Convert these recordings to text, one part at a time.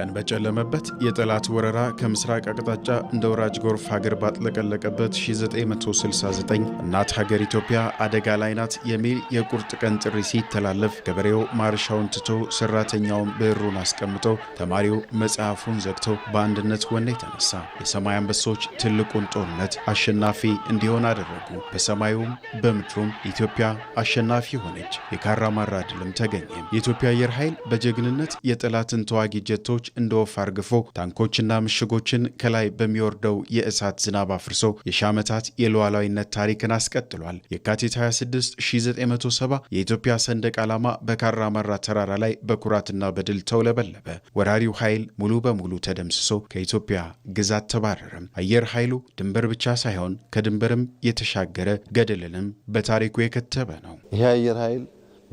ቀን በጨለመበት የጠላት ወረራ ከምስራቅ አቅጣጫ እንደ ወራጅ ጎርፍ ሀገር ባጥለቀለቀበት 1969 እናት ሀገር ኢትዮጵያ አደጋ ላይ ናት የሚል የቁርጥ ቀን ጥሪ ሲተላለፍ ገበሬው ማርሻውን ትቶ ሰራተኛውን ብዕሩን አስቀምጦ ተማሪው መጽሐፉን ዘግቶ በአንድነት ወኔ ተነሳ። የሰማይ አንበሶች ትልቁን ጦርነት አሸናፊ እንዲሆን አደረጉ። በሰማዩም በምድሩም ኢትዮጵያ አሸናፊ ሆነች። የካራማራ ድልም ተገኘ። የኢትዮጵያ አየር ኃይል በጀግንነት የጠላትን ተዋጊ ጀቶች እንደ ወፍ አርግፎ ታንኮችና ምሽጎችን ከላይ በሚወርደው የእሳት ዝናብ አፍርሶ የሺ ዓመታት የሉዓላዊነት ታሪክን አስቀጥሏል። የካቲት 26 1970 የኢትዮጵያ ሰንደቅ ዓላማ በካራማራ ተራራ ላይ በኩራትና በድል ተውለበለበ። ወራሪው ኃይል ሙሉ በሙሉ ተደምስሶ ከኢትዮጵያ ግዛት ተባረረም። አየር ኃይሉ ድንበር ብቻ ሳይሆን ከድንበርም የተሻገረ ገደልንም በታሪኩ የከተበ ነው። ይህ አየር ኃይል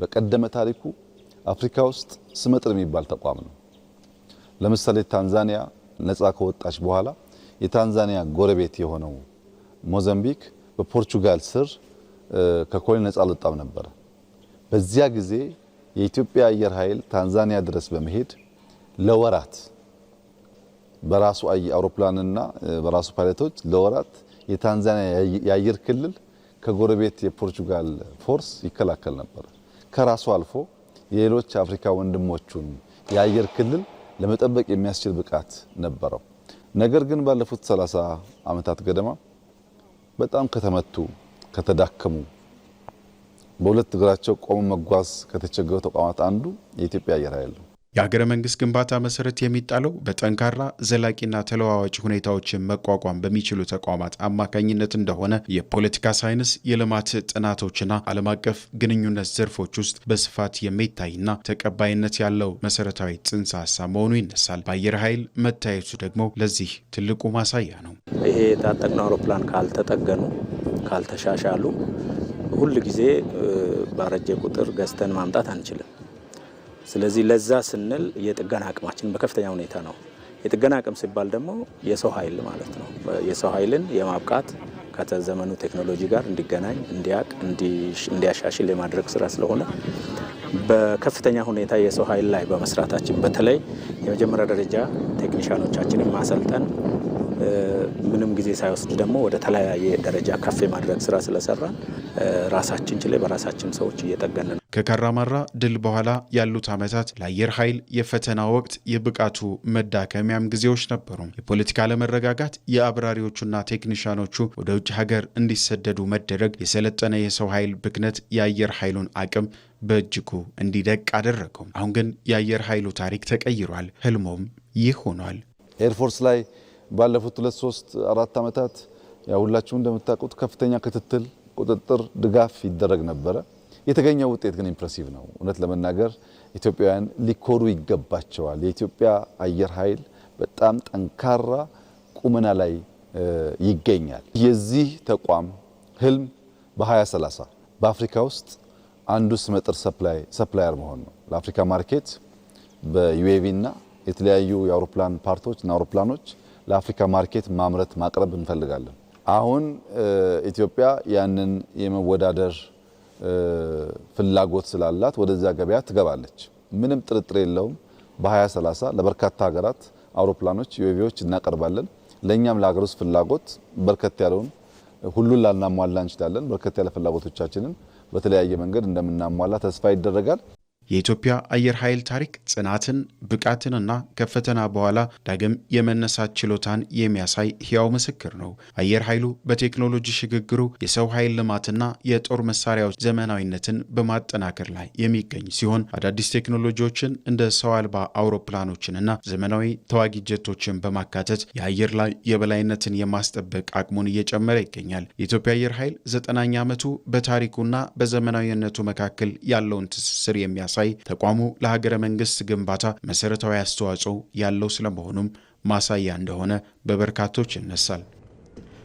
በቀደመ ታሪኩ አፍሪካ ውስጥ ስመጥር የሚባል ተቋም ነው። ለምሳሌ ታንዛኒያ ነጻ ከወጣች በኋላ የታንዛኒያ ጎረቤት የሆነው ሞዛምቢክ በፖርቹጋል ስር ከኮሎኒ ነጻ አልወጣም ነበረ። በዚያ ጊዜ የኢትዮጵያ አየር ኃይል ታንዛኒያ ድረስ በመሄድ ለወራት በራሱ አውሮፕላንና በራሱ ፓይለቶች ለወራት የታንዛኒያ የአየር ክልል ከጎረቤት የፖርቹጋል ፎርስ ይከላከል ነበር። ከራሱ አልፎ የሌሎች አፍሪካ ወንድሞቹን የአየር ክልል ለመጠበቅ የሚያስችል ብቃት ነበረው። ነገር ግን ባለፉት 30 ዓመታት ገደማ በጣም ከተመቱ፣ ከተዳከሙ፣ በሁለት እግራቸው ቆሞ መጓዝ ከተቸገሩ ተቋማት አንዱ የኢትዮጵያ አየር ኃይል ነው። የሀገረ መንግስት ግንባታ መሰረት የሚጣለው በጠንካራ ዘላቂና ተለዋዋጭ ሁኔታዎችን መቋቋም በሚችሉ ተቋማት አማካኝነት እንደሆነ የፖለቲካ ሳይንስ የልማት ጥናቶችና ዓለም አቀፍ ግንኙነት ዘርፎች ውስጥ በስፋት የሚታይና ተቀባይነት ያለው መሰረታዊ ጽንሰ ሀሳብ መሆኑ ይነሳል። በአየር ኃይል መታየቱ ደግሞ ለዚህ ትልቁ ማሳያ ነው። ይሄ የታጠቅነው አውሮፕላን ካልተጠገኑ፣ ካልተሻሻሉ ሁል ጊዜ ባረጀ ቁጥር ገዝተን ማምጣት አንችልም። ስለዚህ ለዛ ስንል የጥገና አቅማችን በከፍተኛ ሁኔታ ነው። የጥገና አቅም ሲባል ደግሞ የሰው ኃይል ማለት ነው። የሰው ኃይልን የማብቃት ከዘመኑ ቴክኖሎጂ ጋር እንዲገናኝ፣ እንዲያቅ፣ እንዲያሻሽል የማድረግ ስራ ስለሆነ በከፍተኛ ሁኔታ የሰው ኃይል ላይ በመስራታችን በተለይ የመጀመሪያ ደረጃ ቴክኒሽያኖቻችንን ማሰልጠን ምንም ጊዜ ሳይወስድ ደግሞ ወደ ተለያየ ደረጃ ከፍ የማድረግ ስራ ስለሰራን ራሳችን ችለ በራሳችን ሰዎች እየጠገን ከካራማራ ድል በኋላ ያሉት ዓመታት ለአየር ኃይል የፈተና ወቅት የብቃቱ መዳከሚያም ጊዜዎች ነበሩ። የፖለቲካ አለመረጋጋት፣ የአብራሪዎቹና ቴክኒሻኖቹ ወደ ውጭ ሀገር እንዲሰደዱ መደረግ፣ የሰለጠነ የሰው ኃይል ብክነት የአየር ኃይሉን አቅም በእጅጉ እንዲደቅ አደረገው። አሁን ግን የአየር ኃይሉ ታሪክ ተቀይሯል። ህልሞም ይህ ሆኗል። ኤርፎርስ ላይ ባለፉት ሁለት ሶስት አራት ዓመታት ሁላችሁም እንደምታውቁት ከፍተኛ ክትትል፣ ቁጥጥር፣ ድጋፍ ይደረግ ነበረ። የተገኘው ውጤት ግን ኢምፕሬሲቭ ነው። እውነት ለመናገር ኢትዮጵያውያን ሊኮሩ ይገባቸዋል። የኢትዮጵያ አየር ኃይል በጣም ጠንካራ ቁመና ላይ ይገኛል። የዚህ ተቋም ህልም በ2030 በአፍሪካ ውስጥ አንዱ ስመጥር ሰፕላየር መሆን ነው። ለአፍሪካ ማርኬት በዩኤቪ እና የተለያዩ የአውሮፕላን ፓርቶች እና አውሮፕላኖች ለአፍሪካ ማርኬት ማምረት ማቅረብ እንፈልጋለን። አሁን ኢትዮጵያ ያንን የመወዳደር ፍላጎት ስላላት ወደዚያ ገበያ ትገባለች። ምንም ጥርጥር የለውም። በ2030 ለበርካታ ሀገራት አውሮፕላኖች፣ ዩኤቪዎች እናቀርባለን። ለእኛም ለሀገር ውስጥ ፍላጎት በርከት ያለውን ሁሉን ላናሟላ እንችላለን። በርከት ያለ ፍላጎቶቻችንን በተለያየ መንገድ እንደምናሟላ ተስፋ ይደረጋል። የኢትዮጵያ አየር ኃይል ታሪክ ጽናትን፣ ብቃትንና ከፈተና በኋላ ዳግም የመነሳት ችሎታን የሚያሳይ ሕያው ምስክር ነው። አየር ኃይሉ በቴክኖሎጂ ሽግግሩ የሰው ኃይል ልማትና የጦር መሳሪያዎች ዘመናዊነትን በማጠናከር ላይ የሚገኝ ሲሆን አዳዲስ ቴክኖሎጂዎችን እንደ ሰው አልባ አውሮፕላኖችንና ዘመናዊ ተዋጊ ጀቶችን በማካተት የአየር ላይ የበላይነትን የማስጠበቅ አቅሙን እየጨመረ ይገኛል። የኢትዮጵያ አየር ኃይል ዘጠናኛ ዓመቱ በታሪኩና በዘመናዊነቱ መካከል ያለውን ትስስር የሚያሳ ሲታይ ተቋሙ ለሀገረ መንግስት ግንባታ መሰረታዊ አስተዋጽኦ ያለው ስለመሆኑም ማሳያ እንደሆነ በበርካቶች ይነሳል።